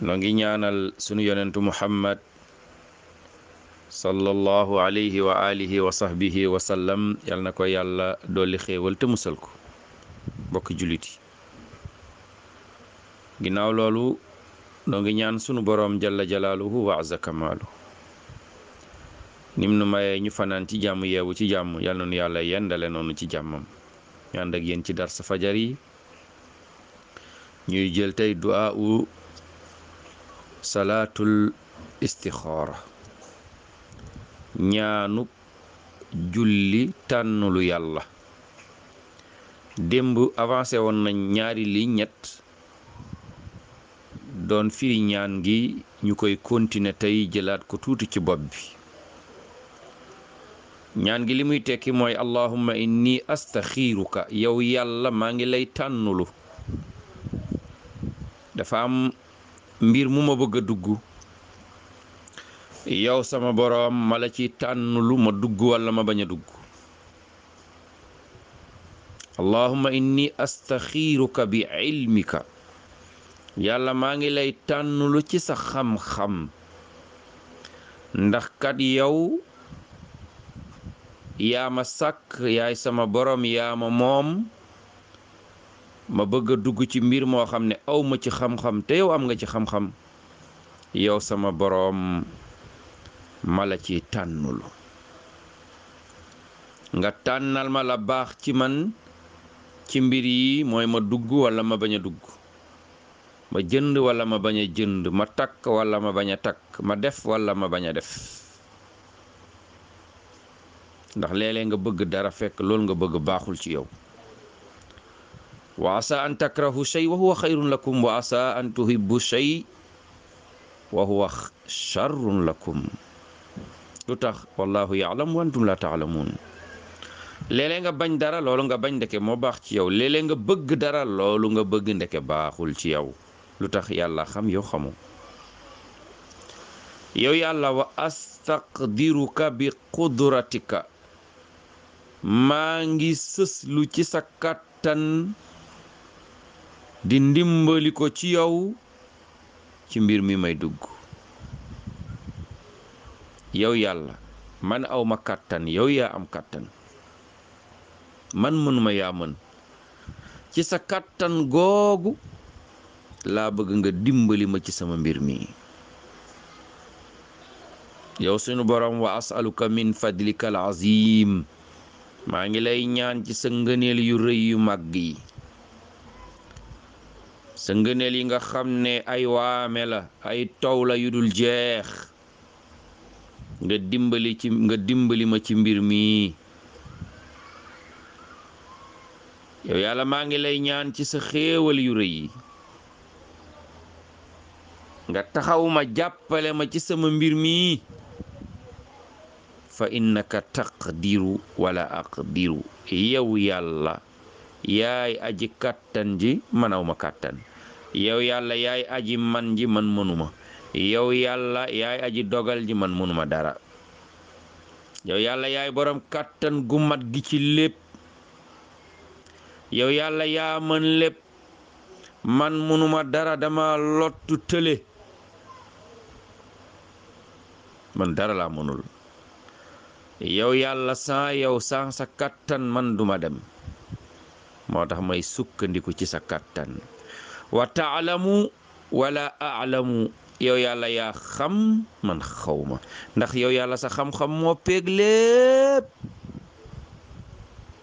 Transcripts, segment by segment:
noo ngi ñaanal sunu yonentu muhammad sallallahu alayhi wa alihi wa sahbihi wa yal na ko yàlla dolli xéewal te musal ko bokki jullit ginnaaw loolu noo ngi ñaan sunu boroom jalla jalaaluhu wa azza nim nu mayee ñu fanaan ci jàmm yeewu ci jàmm yal na nu yàlla yendale noonu ci jàmmam ñu ànd ak yéen ci dar sa fajar ñuy jël tey duaa u salaatul istixaara ñaanub julli tànnulu yàlla démb avancé woon nañ ñaari li ñett doon firi ñaan gi ñu koy kontine tey jëlaat ko tuuti ci bopp bi ñaan gi li muy tekki mooy allahumma inni astaxiiruka yow yàlla maa ngi lay tànnulu dafa am mbir mu ma bëgg a dugg yow sama boroom ma la ci tànn ma dugg walla ma bañ a dugg allahumma inni astaxiiruka bi ilmika yàlla maa ngi lay tànn ci sa xam-xam ndax kat yow yaa ma sàkk yaay sama boroom yaa ma moom ma bëgg a dugg ci mbir moo xam ne awma ci xam-xam te yow am nga ci xam-xam yow sama boroom ma la ci tànnulu nga tànnal ma la baax ci man ci mbir yi mooy ma dugg walla ma bañ a dugg ma jënd walla ma bañ a jënd ma takk walla ma bañ a takk ma def walla ma bañ a def ndax léeg-léeg nga bëgg dara fekk loolu nga bëgg baaxul ci yow wa asa an takrahu shay wa huwa xayrun lakum wa asa an tuhibbu shay wa huwa charrun lakum lu tax wallahu yaalam wa la taalamuun léeg nga bañ dara loolu nga bañ ndeke moo baax ci yow léeg nga bëgg dara loolu nga bëgg ndeke baaxul ci yow lu tax yàlla xam yow xamu yow yàlla wa astaqdiruka bi qudratika maa ngi sëslu ci sa kàttan di ndimbali ko ci yow ci mbir mi may dugg yow yàlla man aw ma kàttan yow yaa am kàttan man mënuma yaa mën ci sa kàttan googu laa bëgg nga dimbali ma ci sama mbir mi yow sunu borom wa asaluka min fadlika al azim maa ngi lay ñaan ci sa ngëneel yu rëy yu mag yi sa ngëneel yi nga xam ne ay waame la ay toow la yu dul jeex nga dimbali ci nga dimbali ma ci mbir mi yow yàlla maa ngi lay ñaan ci sa xéewal yu rëy yi nga taxaw ma jàppale ma ci sama mbir mi fa innaka taqdiru wala aqdiru yow yàlla yaay aji kàttan ji manaw ma kàttan yow yàlla yaay aji man ji man mënuma yow yàlla yaay aji dogal ji man mënuma dara yow yàlla yaay boroom kàttan gu mat gi ci lépp yow yàlla yaa mën lépp man mënuma dara dama lottu tële man dara laa mënul yow yàlla sans yow sans sa kàttan man duma dem moo tax may sukkandiku ci sa kàttan wa taalamu wala aalamu yow yàlla yaa xam man xaw ma ndax yow yàlla sa xam-xam moo peeg lépp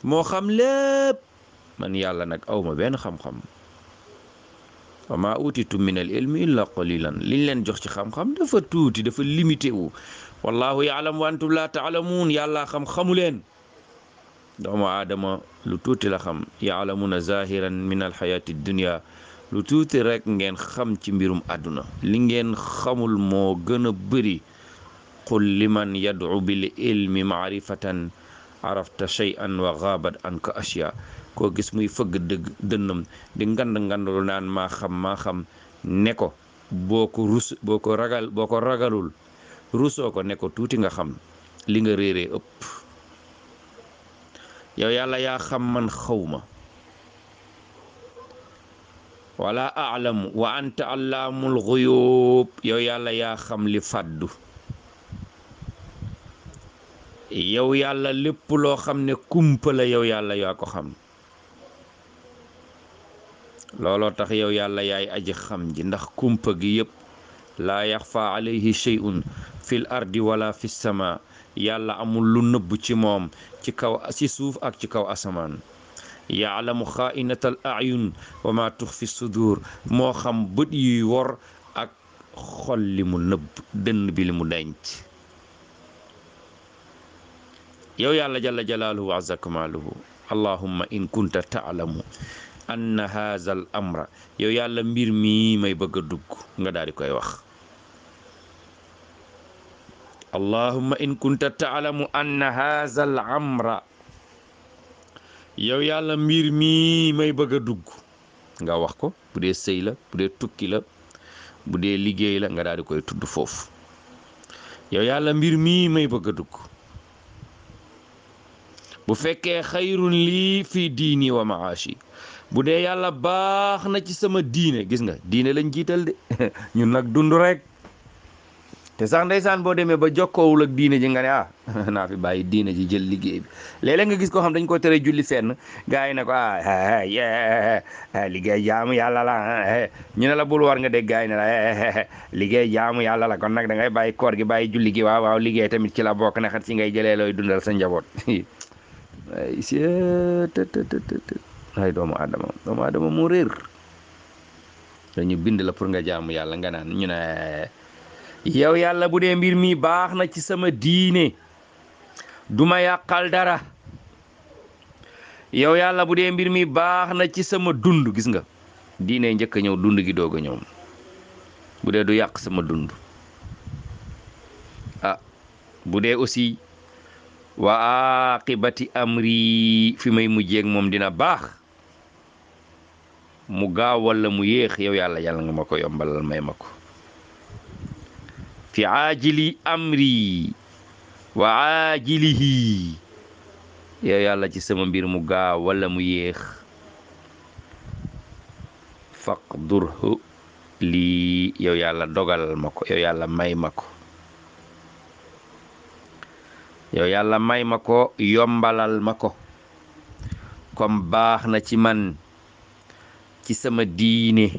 moo xam lépp man yàlla nag awma benn xam-xam wa maa utitum min al ilmi illa qalilan liñ leen jox ci xam-xam dafa tuuti dafa limité wu wallahu yaalam wa antum laa taalamuun yàlla xam xamu leen doomu aadama lu tuuti la xam yaalamuna zahiran min alxayaati dunia lu tuuti rekk ngeen xam ci mbirum àdduna li ngeen xamul moo gën a bëri qul liman yad'u bil ilmi maarifatan arafta shay'an wa gaabat anka ashya koo gis muy fëgg dëgg dënnam di ngand ngandalu naan maa xam maa xam ne ko boo ko rus boo ko ragal boo ko ragalul ko tuuti nga xam li nga réeree ëpp yow yàlla yaa xam man xawma wala alamu wa anta allaamul xuyub yow yàlla yaa xam li fàddu yow yàlla lépp loo xam ne kumpa la yow yàlla yaa ko xam looloo tax yow yàlla yaay aji xam ji ndax kumpa gi yépp laa yaxfa alayhi shay'un fil ardi wala fi sama yàlla amul lu nëbb ci moom ci kaw ci suuf ak ci kaw asamaan yaalamu xaainatal ayun wa ma tux fi sudur moo xam bët yuy wor ak xol li mu nëbb dënn bi li mu denc yow yàlla jalla jalaaluhu wa azza kamaaluhu allahumma in kunta taalamu anna haza al amra yow yàlla mbir mii may bëgg a dugg nga daal di koy wax allahumma in kunta taalamu anna haza al amra yow yàlla mbir mii may bëgg a dugg nga wax ko bu dee sëy la bu dee tukki la bu dee liggéey la nga daal di koy tudd foofu yow yàlla mbir mii may bëgg a dugg bu fekkee xayrun lii fii diini wa maashi bu dee yàlla baax na ci sama diine gis nga diine lañ jiital de ñun nag dund rekk te sax ndeysaan boo demee ba jokkoowul ak diine ji nga ne ah naa fi bàyyi diine ji jël liggéey bi léeg nga gis koo xam dañ ko tere julli seen gars yi ne ko ah eh, eh, eh, liggéey jaamu yàlla la ñu ne la bul war nga dégg gars yi ne la liggéey yàlla la kon nag da bàyyi koor gi bàyyi julli gi waaw liggéey tamit ci la bokk na xat si ngay jëlee looy dundal sa njaboot ay si ay doomu bind la pour nga jaamu yàlla nga naan ñu ne yow yàlla bu dee mbir mi baax na ci sama diine du ma yàqal dara yow yàlla bu dee mbir mi baax na ci sama dund gis nga diine njëkk a ñëw dund gi doog a ñëw bu dee du yàq sama dund ah bu dee aussi wa aqibati amri fi may mujjeeg moom dina baax mu gaaw walla mu yéex yow yàlla yàlla nga ma ko yombalal may ma ko fi aajili amri wa aajilihi yow yàlla ci sama mbir mu gaaw walla mu yéex faqdurhu lii yow yàlla dogalal ma ko yow yàlla may ma ko yow yàlla may ma ko yombalal ma ko comme baax na ci man ci sama diine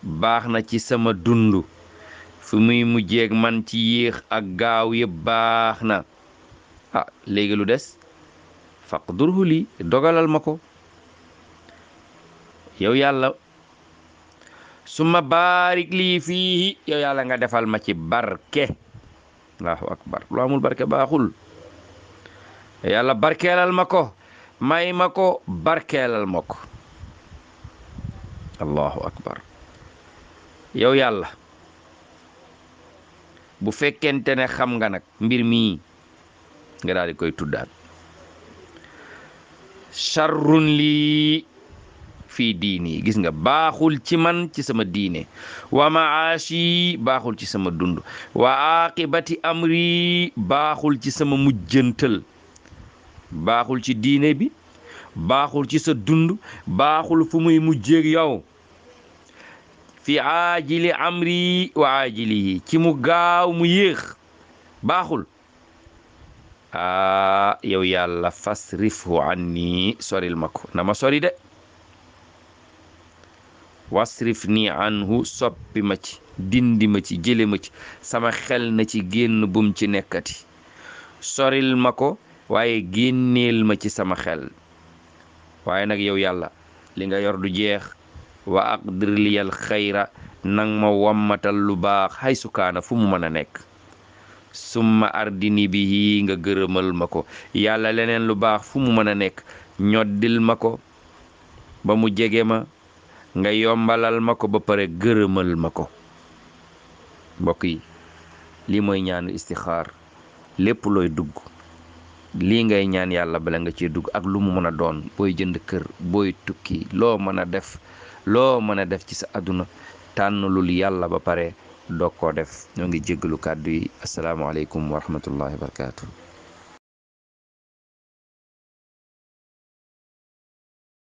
baax na ci sama dund fi muy mujjeeg man ci yéex ak gaaw yépp baax na ah léegi lu des faqdurhu li dogalal ma ko yow yàlla suma baarik lii fii yow yàlla nga defal ma ci barke lu amul barke baaxul yàlla barkeelal ma ko may ma ko barkeelal ma ko allahu akbar yow yàlla bu fekkente ne xam nga nag mbir mi nga daal koy tuddaat charrun lii fii diini gis nga baaxul ci man ci sama diine wa maashi baaxul ci sama dund wa aqibati amri baaxul ci sama mujjantal baaxul ci diine bi baaxul ci sa dund baaxul fu muy mujjeeg yow fi aajili amri wa aajilihi ci mu gaaw mu yéex baaxul aa ah, yow yàlla fasrifhu anni soril ma ko na ma sori de wasrif nii anhu soppi ma ci dindi ma ci jële ma ci sama xel na ci génn bum ci nekkati soril ma ko waaye génneel ma ci sama xel waaye nag yow yàlla li nga yor du jeex wa aqdir liyal xayra nang ma wommatal lu baax xay fu mu mën a nekk summa ardini bihi nga gërëmal ma ko yàlla leneen lu baax fu mu mën a nekk ñoddil ma ko ba mu jege ma nga yombalal ma ko ba pare gërëmal ma ko mbokk yi lii mooy ñaanu istixaar lépp looy dugg lii ngay ñaan yàlla bala nga cee dugg ak lu mu mën a doon booy jënd kër booy tukki loo mën a def loo mën a def ci sa àdduna tànn lul yàlla ba pare doog koo def ñoo ngi jéggalu kàddu yi asalaamaaleykum wa rahmatullahi wa barakaatu.